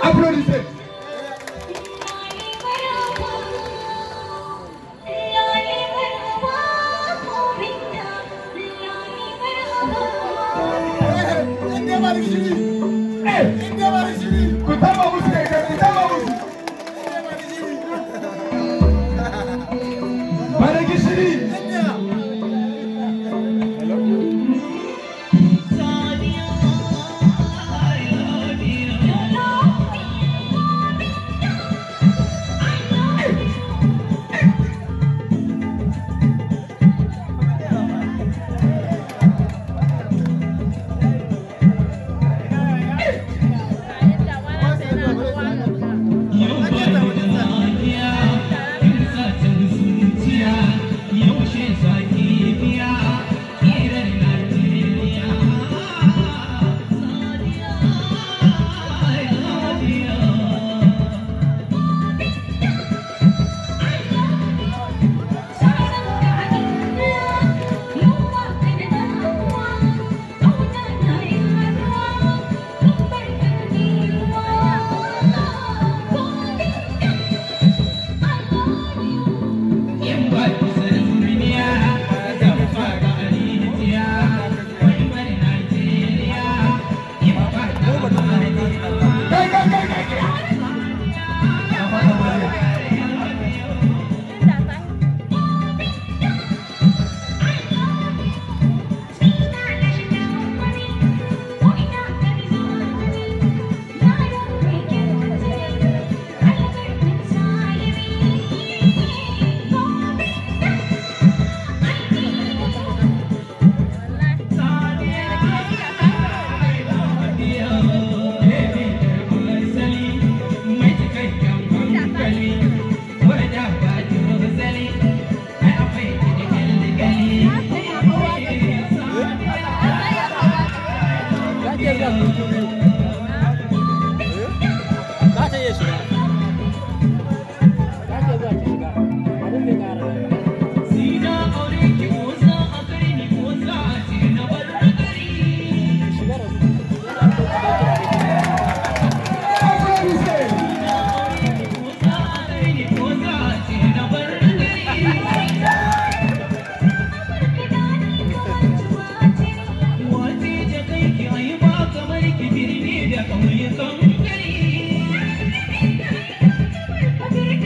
Applaudissez. Hey!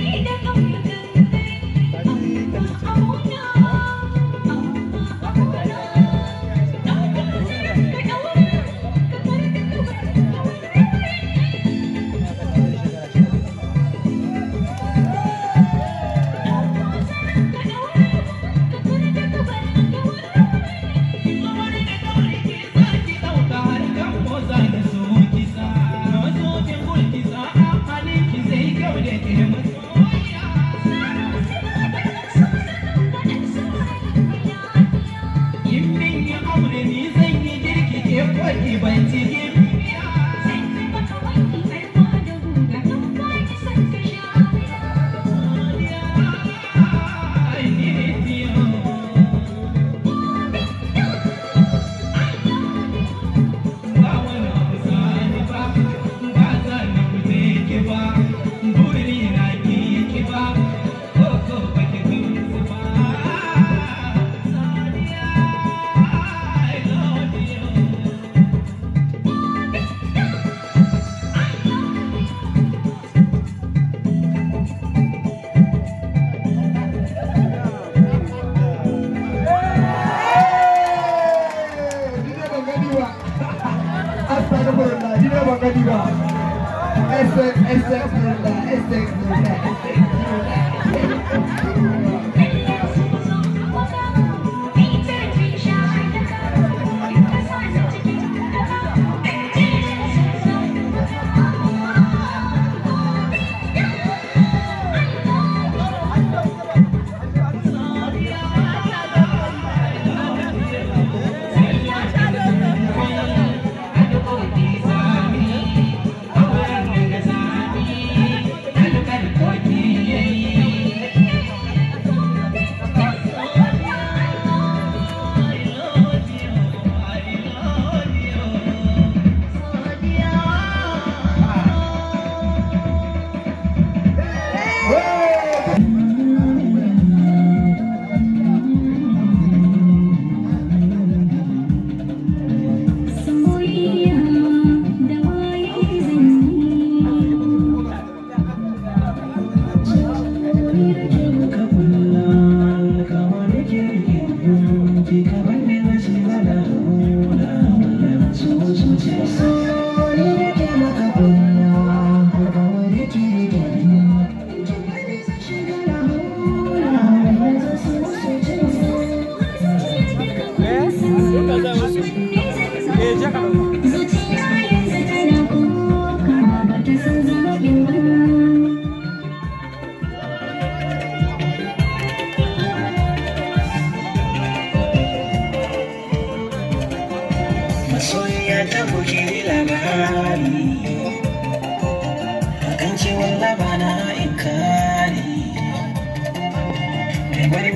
Thank you.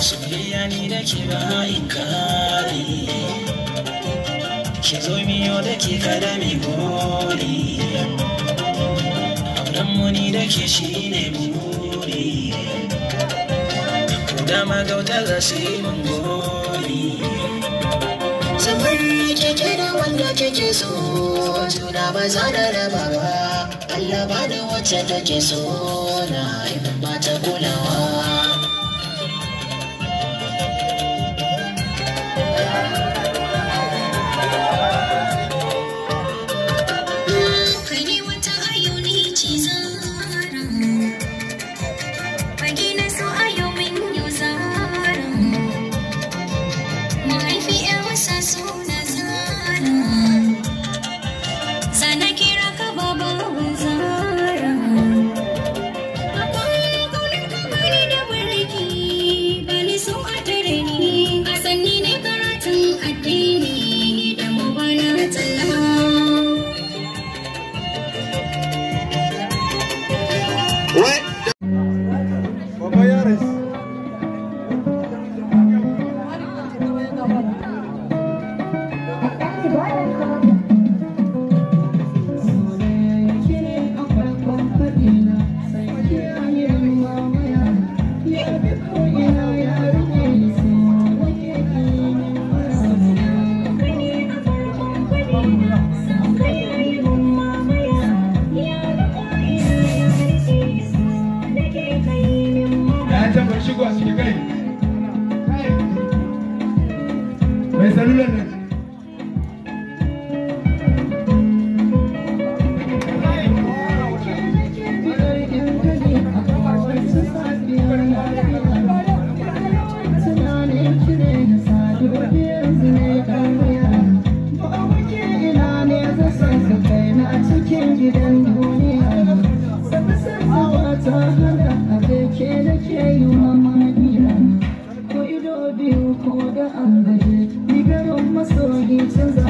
soyayya ni da ke ba inkari ki zo miyo da ke kada mi gori auren ni da ke shi ne buri ku magauta za su yi mun gori keke da wanda keke so juna ba za da raba ba Allah ba da wacce take so na ba ta kulawa biyu ko da an gaji ni garin masoyi canza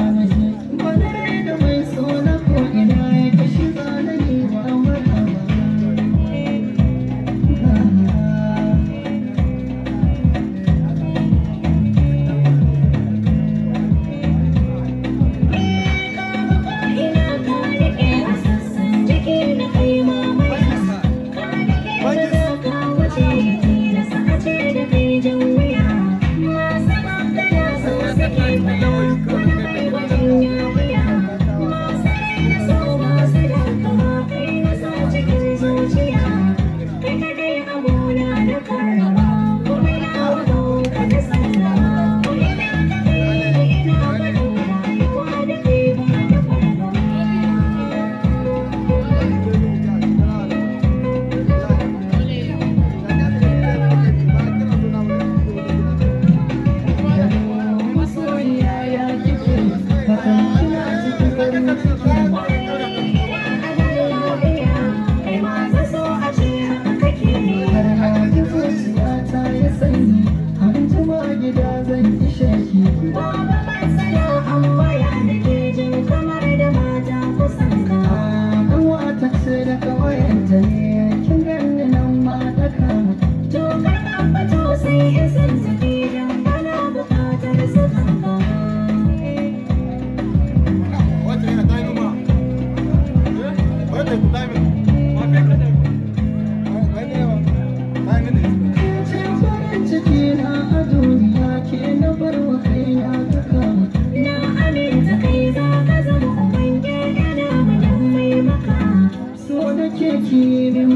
sake ki min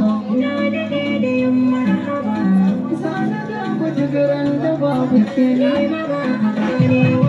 na da yin marhaba sana da wata garan da